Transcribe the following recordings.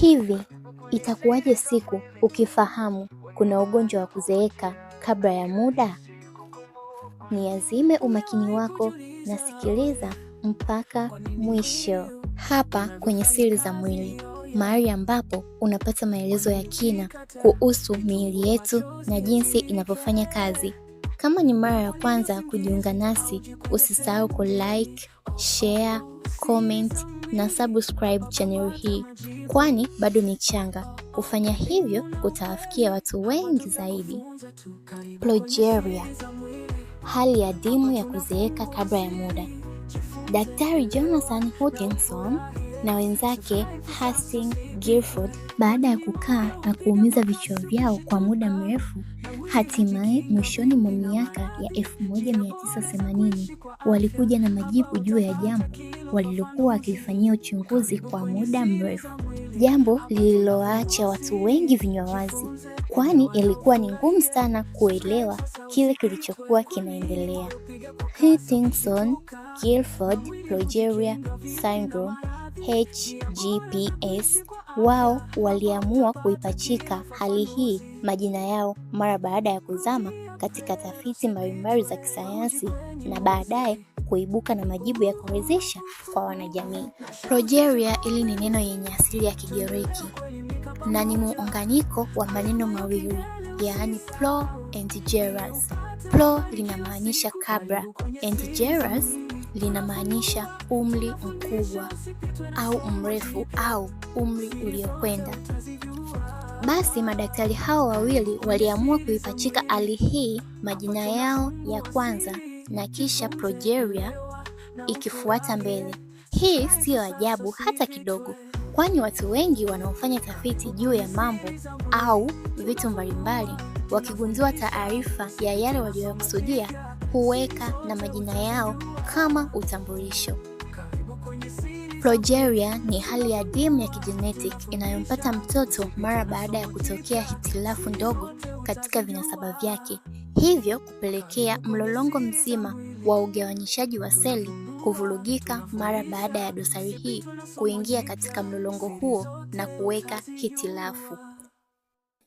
Hivi itakuwaje siku ukifahamu kuna ugonjwa wa kuzeeka kabla ya muda? ni azime umakini wako na sikiliza mpaka mwisho hapa kwenye Siri za Mwili, mahali ambapo unapata maelezo ya kina kuhusu miili yetu na jinsi inavyofanya kazi. Kama ni mara ya kwanza kujiunga nasi, usisahau like, share comment na subscribe channel hii, kwani bado ni changa. Kufanya hivyo utawafikia watu wengi zaidi. Progeria, hali ya dimu ya kuzeeka kabla ya muda. Daktari Jonathan hutinson na wenzake Hastings Gilford baada ya kukaa na kuumiza vichwa vyao kwa muda mrefu. Hatimaye mwishoni mwa miaka ya 1980 walikuja na majibu juu ya jambo walilokuwa wakilifanyia uchunguzi kwa muda mrefu, jambo lililoacha watu wengi vinywa wazi, kwani ilikuwa ni ngumu sana kuelewa kile kilichokuwa kinaendelea. Huntington Gilford Progeria syndrome HGPS wao waliamua kuipachika hali hii majina yao mara baada ya kuzama katika tafiti mbalimbali za kisayansi na baadaye kuibuka na majibu ya kuwezesha kwa wanajamii. Progeria ili ni neno yenye asili ya Kigiriki na ni muunganiko wa maneno mawili yaani pro and geras. Pro linamaanisha kabra and geras linamaanisha umri mkubwa au mrefu au umri uliokwenda. Basi madaktari hao wawili waliamua kuipachika hali hii majina yao ya kwanza na kisha progeria ikifuata mbele. Hii siyo ajabu hata kidogo, kwani watu wengi wanaofanya tafiti juu ya mambo au vitu mbalimbali wakigundua taarifa ya yale waliyokusudia huweka na majina yao kama utambulisho. Progeria ni hali ya adimu ya kijenetik inayompata mtoto mara baada ya kutokea hitilafu ndogo katika vinasaba vyake, hivyo kupelekea mlolongo mzima wa ugawanyishaji wa seli kuvurugika mara baada ya dosari hii kuingia katika mlolongo huo na kuweka hitilafu.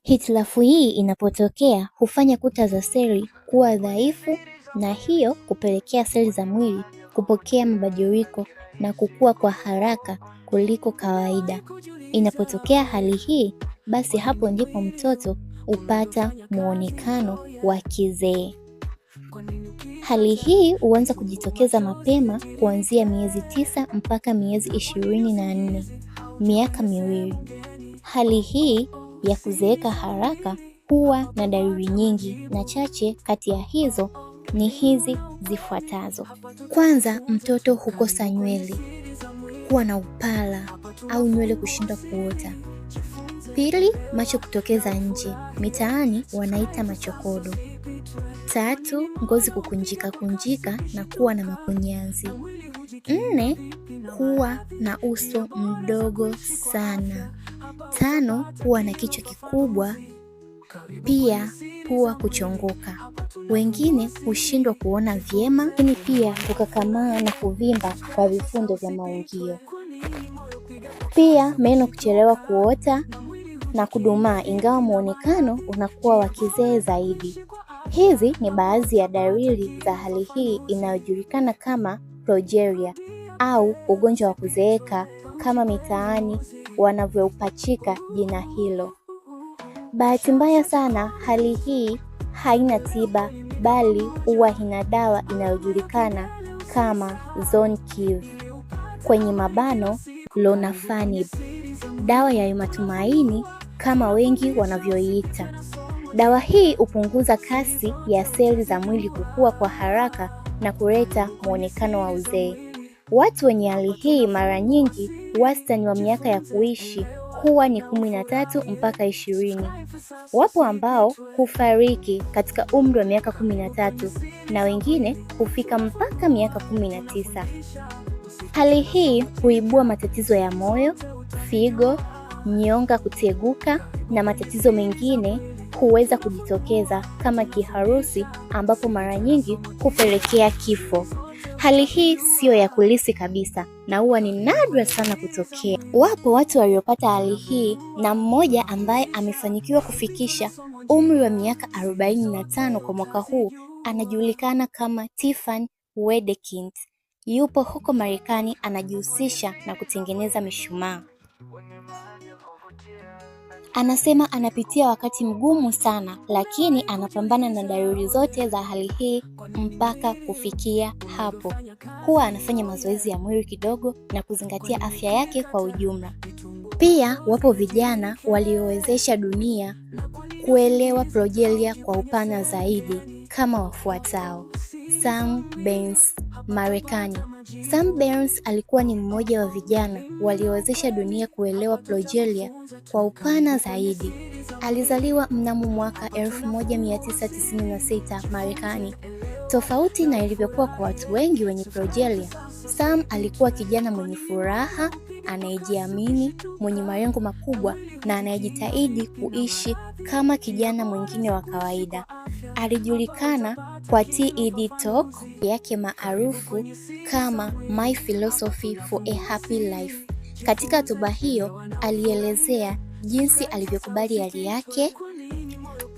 Hitilafu hii inapotokea hufanya kuta za seli kuwa dhaifu na hiyo kupelekea seli za mwili kupokea mabadiliko na kukua kwa haraka kuliko kawaida. Inapotokea hali hii, basi hapo ndipo mtoto hupata muonekano wa kizee. Hali hii huanza kujitokeza mapema kuanzia miezi tisa mpaka miezi ishirini na nne, miaka miwili. Hali hii ya kuzeeka haraka huwa na dalili nyingi na chache kati ya hizo ni hizi zifuatazo. Kwanza, mtoto hukosa nywele, kuwa na upala au nywele kushindwa kuota. Pili, macho kutokeza nje, mitaani wanaita machokodo. Tatu, ngozi kukunjika kunjika na kuwa na makunyanzi. Nne, kuwa na uso mdogo sana. Tano, kuwa na kichwa kikubwa pia pua kuchongoka, wengine hushindwa kuona vyema, lakini pia kukakamaa na kuvimba kwa vifundo vya maungio, pia meno kuchelewa kuota na kudumaa, ingawa muonekano unakuwa wa kizee zaidi. Hizi ni baadhi ya dalili za hali hii inayojulikana kama progeria au ugonjwa wa kuzeeka kama mitaani wanavyoupachika jina hilo. Bahati mbaya sana, hali hii haina tiba bali huwa ina dawa inayojulikana kama Zonkiv kwenye mabano Lonafanib, dawa ya matumaini kama wengi wanavyoiita. Dawa hii hupunguza kasi ya seli za mwili kukua kwa haraka na kuleta muonekano wa uzee. Watu wenye hali hii mara nyingi wastani wa miaka ya kuishi huwa ni kumi na tatu mpaka ishirini. Wapo ambao hufariki katika umri wa miaka kumi na tatu na wengine hufika mpaka miaka kumi na tisa. Hali hii huibua matatizo ya moyo, figo, nyonga kuteguka na matatizo mengine huweza kujitokeza kama kiharusi ambapo mara nyingi hupelekea kifo. Hali hii siyo ya kulisi kabisa na huwa ni nadra sana kutokea. Wapo watu waliopata hali hii na mmoja ambaye amefanikiwa kufikisha umri wa miaka 45 kwa mwaka huu anajulikana kama Tiffany Wedekind. Yupo huko Marekani anajihusisha na kutengeneza mishumaa. Anasema anapitia wakati mgumu sana, lakini anapambana na daruri zote za hali hii mpaka kufikia hapo. Huwa anafanya mazoezi ya mwili kidogo na kuzingatia afya yake kwa ujumla. Pia wapo vijana waliowezesha dunia kuelewa progeria kwa upana zaidi kama wafuatao. Sam Burns Marekani. Sam Burns alikuwa ni mmoja wa vijana waliowezesha dunia kuelewa progeria kwa upana zaidi. Alizaliwa mnamo mwaka 1996 Marekani. Tofauti na ilivyokuwa kwa watu wengi wenye progeria, Sam alikuwa kijana mwenye furaha anayejiamini, mwenye malengo makubwa na anayejitahidi kuishi kama kijana mwingine wa kawaida. Alijulikana kwa TED Talk yake maarufu kama My Philosophy for a Happy Life. Katika hotuba hiyo alielezea jinsi alivyokubali hali yake,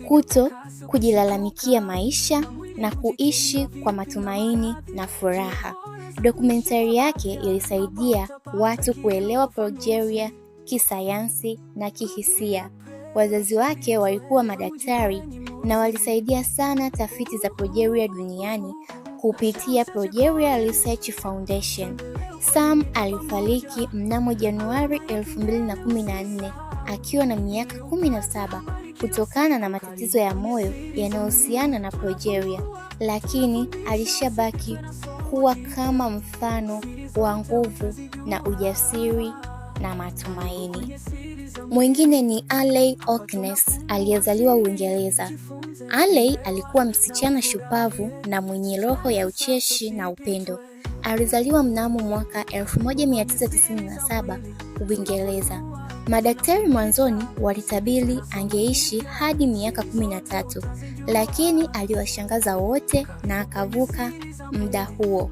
kuto kujilalamikia maisha na kuishi kwa matumaini na furaha. Dokumentari yake ilisaidia watu kuelewa Progeria kisayansi na kihisia. Wazazi wake walikuwa madaktari na walisaidia sana tafiti za Progeria duniani kupitia Progeria Research Foundation. Sam alifariki mnamo Januari 2014 akiwa na miaka 17 na kutokana na matatizo ya moyo yanayohusiana na progeria, lakini alishabaki kuwa kama mfano wa nguvu na ujasiri na matumaini. Mwingine ni aley Oknes aliyezaliwa Uingereza. aley alikuwa msichana shupavu na mwenye roho ya ucheshi na upendo. Alizaliwa mnamo mwaka 1997 Uingereza. Madaktari mwanzoni walitabiri angeishi hadi miaka kumi na tatu lakini aliwashangaza wote na akavuka muda huo.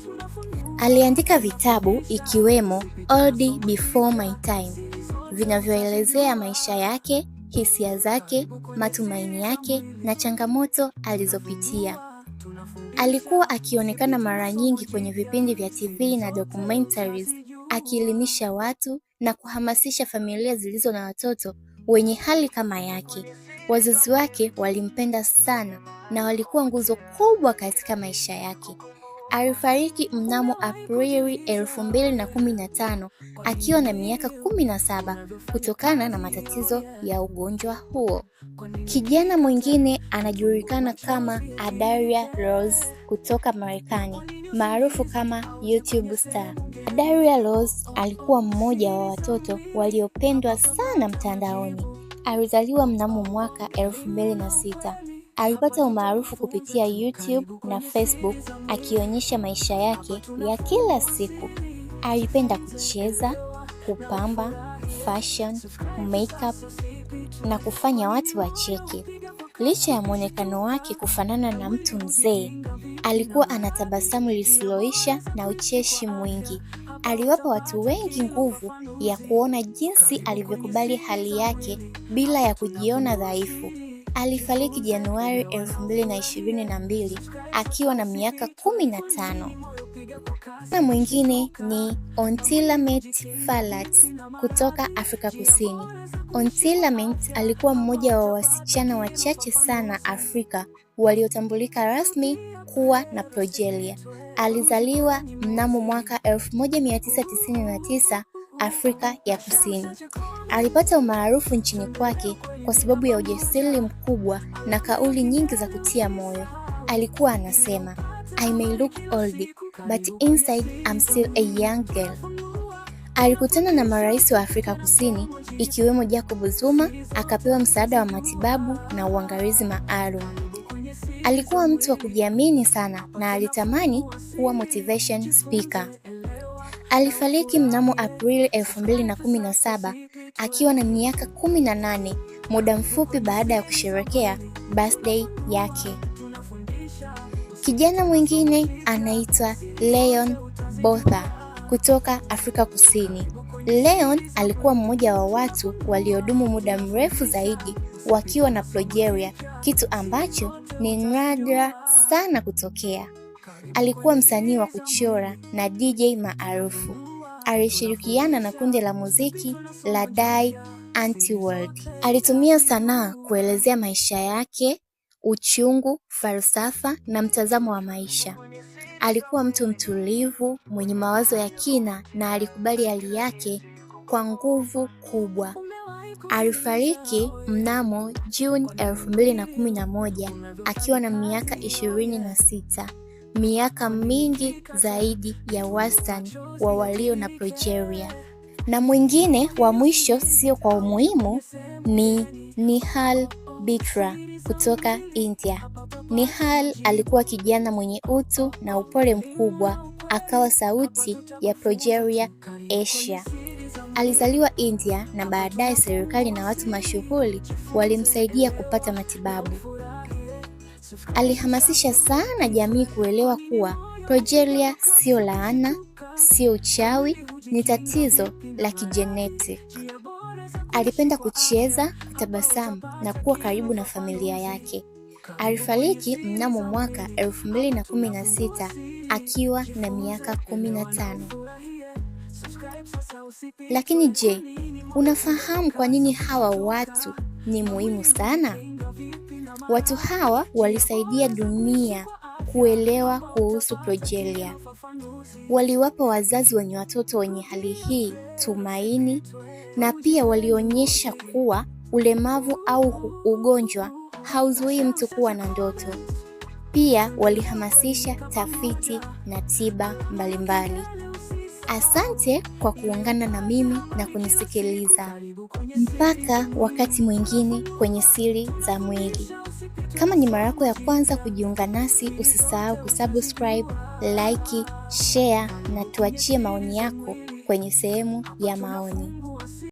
Aliandika vitabu ikiwemo Old Before My Time vinavyoelezea maisha yake, hisia zake, matumaini yake na changamoto alizopitia. Alikuwa akionekana mara nyingi kwenye vipindi vya TV na documentaries akielimisha watu na kuhamasisha familia zilizo na watoto wenye hali kama yake. Wazazi wake walimpenda sana na walikuwa nguzo kubwa katika maisha yake. Alifariki mnamo Aprili 2015 akiwa na miaka 17 kutokana na matatizo ya ugonjwa huo. Kijana mwingine anajulikana kama Adaria Rose kutoka Marekani, maarufu kama YouTube star. Daria Rose alikuwa mmoja wa watoto waliopendwa sana mtandaoni. Alizaliwa mnamo mwaka 2006. Alipata umaarufu kupitia YouTube na Facebook akionyesha maisha yake ya kila siku. Alipenda kucheza, kupamba, fashion, makeup na kufanya watu wacheke. Licha ya mwonekano wake kufanana na mtu mzee, Alikuwa ana tabasamu lisiloisha na ucheshi mwingi. Aliwapa watu wengi nguvu ya kuona jinsi alivyokubali hali yake bila ya kujiona dhaifu. Alifariki Januari 2022 akiwa na miaka 15. Na mwingine ni Ontilamet Falat kutoka Afrika Kusini. Ontilamet alikuwa mmoja wa wasichana wachache sana Afrika waliotambulika rasmi kuwa na progeria. Alizaliwa mnamo mwaka 1999 Afrika ya Kusini. Alipata umaarufu nchini kwake kwa sababu ya ujasiri mkubwa na kauli nyingi za kutia moyo. Alikuwa anasema, I may look old but inside I'm still a young girl. Alikutana na marais wa Afrika Kusini ikiwemo Jacob Zuma, akapewa msaada wa matibabu na uangalizi maalum. Alikuwa mtu wa kujiamini sana na alitamani kuwa motivation speaker. Alifariki mnamo Aprili 2017 akiwa na miaka 18, muda mfupi baada ya kusherekea birthday yake. Kijana mwingine anaitwa Leon Botha kutoka Afrika Kusini. Leon alikuwa mmoja wa watu waliodumu muda mrefu zaidi wakiwa na progeria, kitu ambacho ni nadra sana kutokea. Alikuwa msanii wa kuchora na DJ maarufu. Alishirikiana na kundi la muziki la Die Antwoord. Alitumia sanaa kuelezea maisha yake, uchungu, falsafa na mtazamo wa maisha. Alikuwa mtu mtulivu, mwenye mawazo ya kina na alikubali hali yake kwa nguvu kubwa. Alifariki mnamo Juni 2011 akiwa na miaka 26, miaka mingi zaidi ya wastani wa walio na progeria. Na mwingine wa mwisho, sio kwa umuhimu, ni Nihal Bitra kutoka India. Nihal alikuwa kijana mwenye utu na upole mkubwa, akawa sauti ya progeria Asia. Alizaliwa India na baadaye serikali na watu mashuhuri walimsaidia kupata matibabu. Alihamasisha sana jamii kuelewa kuwa progeria sio laana, sio uchawi, ni tatizo la kijenetiki. Alipenda kucheza, kutabasamu na kuwa karibu na familia yake. Alifariki mnamo mwaka 2016 akiwa na miaka 15. Lakini je, unafahamu kwa nini hawa watu ni muhimu sana? Watu hawa walisaidia dunia kuelewa kuhusu progeria. Waliwapa wazazi wenye watoto wenye hali hii tumaini, na pia walionyesha kuwa ulemavu au ugonjwa hauzuii mtu kuwa na ndoto. Pia walihamasisha tafiti na tiba mbalimbali. Asante kwa kuungana na mimi na kunisikiliza. Mpaka wakati mwingine kwenye Siri za Mwili. Kama ni mara yako ya kwanza kujiunga nasi, usisahau kusubscribe, like, share na tuachie maoni yako kwenye sehemu ya maoni.